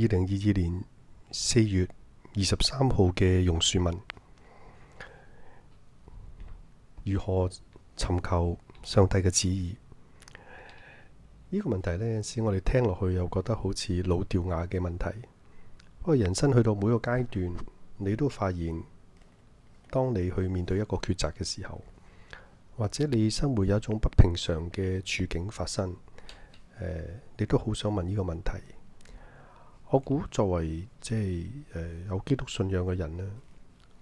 二零二二年四月二十三號嘅榕樹文，如何尋求上帝嘅旨意？呢、這個問題呢，使我哋聽落去又覺得好似老掉牙嘅問題。不過人生去到每個階段，你都發現，當你去面對一個抉擇嘅時候，或者你生活有一種不平常嘅處境發生，呃、你都好想問呢個問題。我估作為即係、呃、有基督信仰嘅人呢，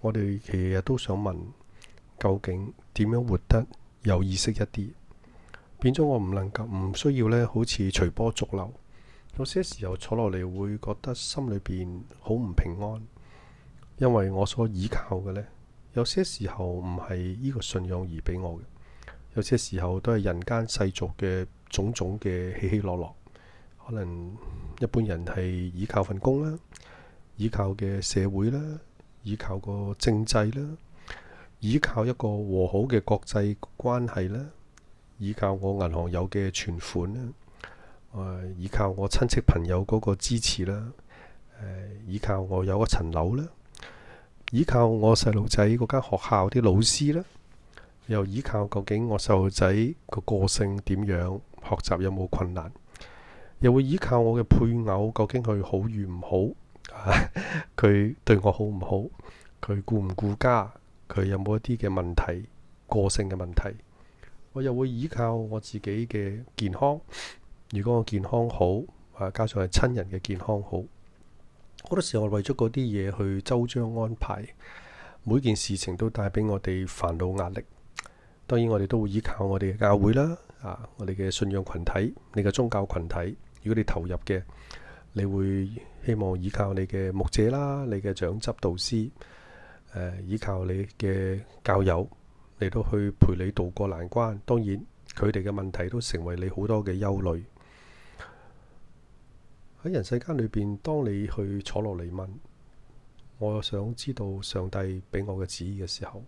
我哋其實都想問，究竟點樣活得有意識一啲，變咗我唔能夠，唔需要呢，好似隨波逐流。有些時候坐落嚟會覺得心裏邊好唔平安，因為我所倚靠嘅呢，有些時候唔係呢個信仰而俾我嘅，有些時候都係人間世俗嘅種種嘅起起落落。可能一般人係依靠份工啦，依靠嘅社會啦，依靠個政制啦，依靠一個和好嘅國際關係啦，依靠我銀行有嘅存款啦，誒、呃，依靠我親戚朋友嗰個支持啦，誒、呃，依靠我有一層樓啦，依靠我細路仔嗰間學校啲老師啦，又依靠究竟我細路仔個個性點樣，學習有冇困難。又會依靠我嘅配偶，究竟佢好與唔好？啊，佢對我好唔好？佢顧唔顧家？佢有冇一啲嘅問題、個性嘅問題？我又會依靠我自己嘅健康。如果我健康好，啊，加上係親人嘅健康好，好多時候我為咗嗰啲嘢，去周章安排，每件事情都帶畀我哋煩惱壓力。當然我哋都會依靠我哋嘅教會啦，啊，我哋嘅信仰群體，你嘅宗教群體。如果你投入嘅，你會希望依靠你嘅牧者啦，你嘅長執導師，誒、呃，倚靠你嘅教友嚟到去陪你渡過難關。當然，佢哋嘅問題都成為你好多嘅憂慮。喺人世間裏邊，當你去坐落嚟問，我想知道上帝俾我嘅旨意嘅時候，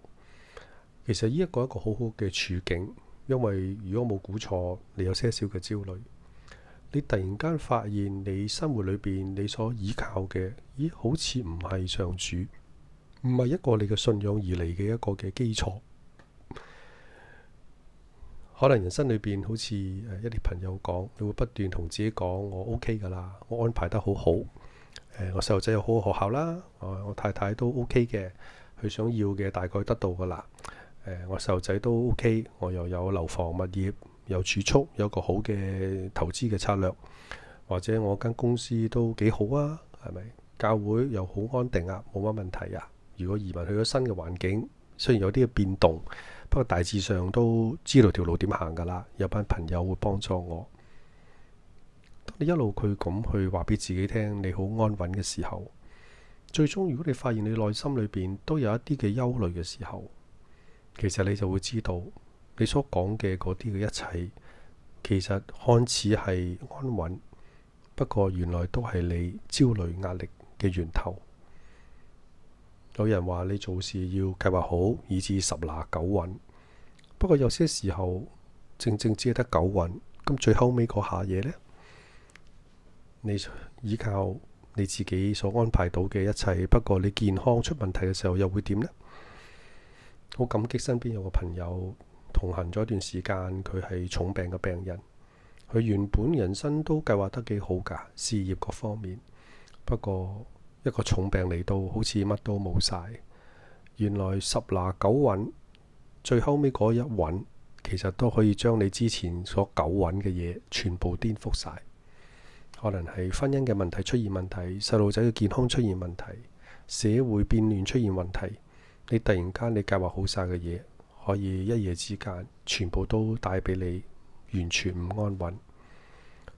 其實呢一個一個好好嘅處境，因為如果冇估錯，你有些少嘅焦慮。你突然間發現，你生活裏邊你所倚靠嘅，咦？好似唔係上主，唔係一個你嘅信仰而嚟嘅一個嘅基礎。可能人生裏邊好似一啲朋友講，你會不斷同自己講：我 OK 噶啦，我安排得好好。呃、我細路仔有好嘅學校啦。我太太都 OK 嘅，佢想要嘅大概得到噶啦，呃。我細路仔都 OK，我又有樓房物業。有儲蓄，有個好嘅投資嘅策略，或者我間公司都幾好啊，係咪？教會又好安定啊，冇乜問題啊。如果移民去咗新嘅環境，雖然有啲嘅變動，不過大致上都知道條路點行㗎啦。有班朋友會幫助我。當你一路佢咁去話俾自己聽，你好安穩嘅時候，最終如果你發現你內心裏邊都有一啲嘅憂慮嘅時候，其實你就會知道。你所講嘅嗰啲嘅一切，其實看似係安穩，不過原來都係你焦慮壓力嘅源頭。有人話你做事要計劃好，以至十拿九穩。不過有些時候，正正只係得九穩。咁最後尾嗰下嘢呢？你依靠你自己所安排到嘅一切，不過你健康出問題嘅時候又會點呢？好感激身邊有個朋友。同行咗一段時間，佢係重病嘅病人。佢原本人生都計劃得幾好㗎，事業各方面。不過一個重病嚟到，好似乜都冇晒。原來十拿九穩，最後尾嗰一穩，其實都可以將你之前所九穩嘅嘢全部顛覆晒。可能係婚姻嘅問題出現問題，細路仔嘅健康出現問題，社會變亂出現問題。你突然間你計劃好晒嘅嘢，可以一夜之間全部都帶俾你，完全唔安穩。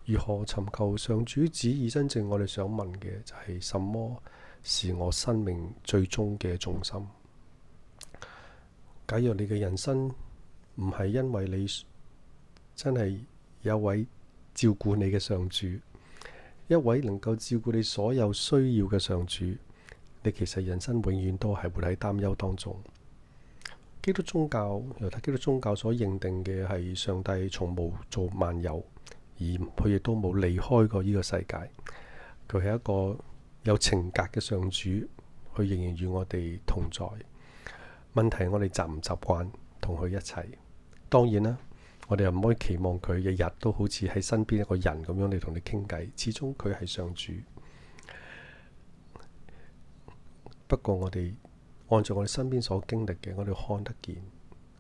如何尋求上主旨意？真正我哋想問嘅就係、是、什麼是我生命最終嘅重心？假若你嘅人生唔係因為你真係有位照顧你嘅上主，一位能夠照顧你所有需要嘅上主，你其實人生永遠都係活喺擔憂當中。基督宗教，猶太基督宗教所認定嘅係上帝從無做萬有，而佢亦都冇離開過呢個世界。佢係一個有情格嘅上主，佢仍然與我哋同在。問題我哋習唔習慣同佢一齊，當然啦，我哋又唔可以期望佢日日都好似喺身邊一個人咁樣嚟，同你傾偈。始終佢係上主。不過我哋。按照我哋身邊所經歷嘅，我哋看得見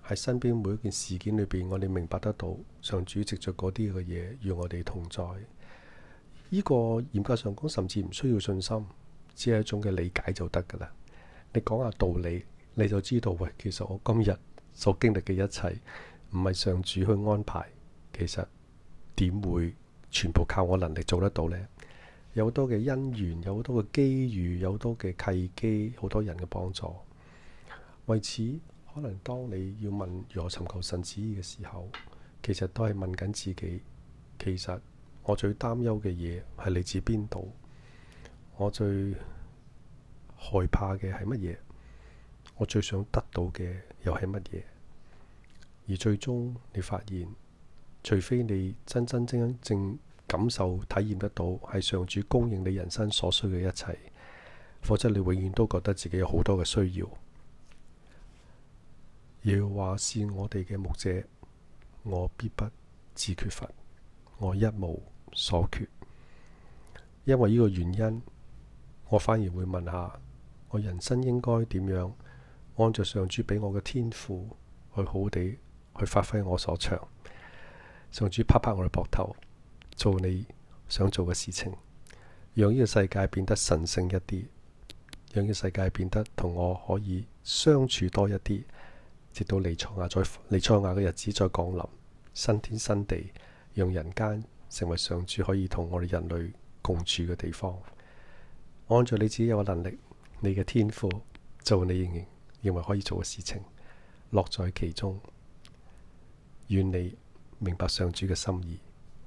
喺身邊每一件事件裏邊，我哋明白得到上主藉着嗰啲嘅嘢與我哋同在。呢個嚴格上講，甚至唔需要信心，只係一種嘅理解就得噶啦。你講下道理，你就知道：「喂，其實我今日所經歷嘅一切，唔係上主去安排，其實點會全部靠我能力做得到呢？」有好多嘅因緣，有好多嘅機遇，有好多嘅契機，好多人嘅幫助。為此，可能當你要問如何尋求神旨意嘅時候，其實都係問緊自己：其實，我最擔憂嘅嘢係嚟自邊度？我最害怕嘅係乜嘢？我最想得到嘅又係乜嘢？而最終，你發現，除非你真真正正。感受、體驗得到係上主供應你人生所需嘅一切，否則你永遠都覺得自己有好多嘅需要。要話是我哋嘅牧者，我必不自缺乏，我一無所缺。因為呢個原因，我反而會問下我人生應該點樣，按照上主俾我嘅天賦去好好地去發揮我所長。上主拍拍我嘅膊頭。做你想做嘅事情，讓呢個世界變得神聖一啲，讓呢個世界變得同我可以相處多一啲，直到彌賽亞再彌賽亞嘅日子再降臨，新天新地，讓人間成為上主可以同我哋人類共處嘅地方。按照你自己有嘅能力、你嘅天賦，做你認認為可以做嘅事情，樂在其中。願你明白上主嘅心意。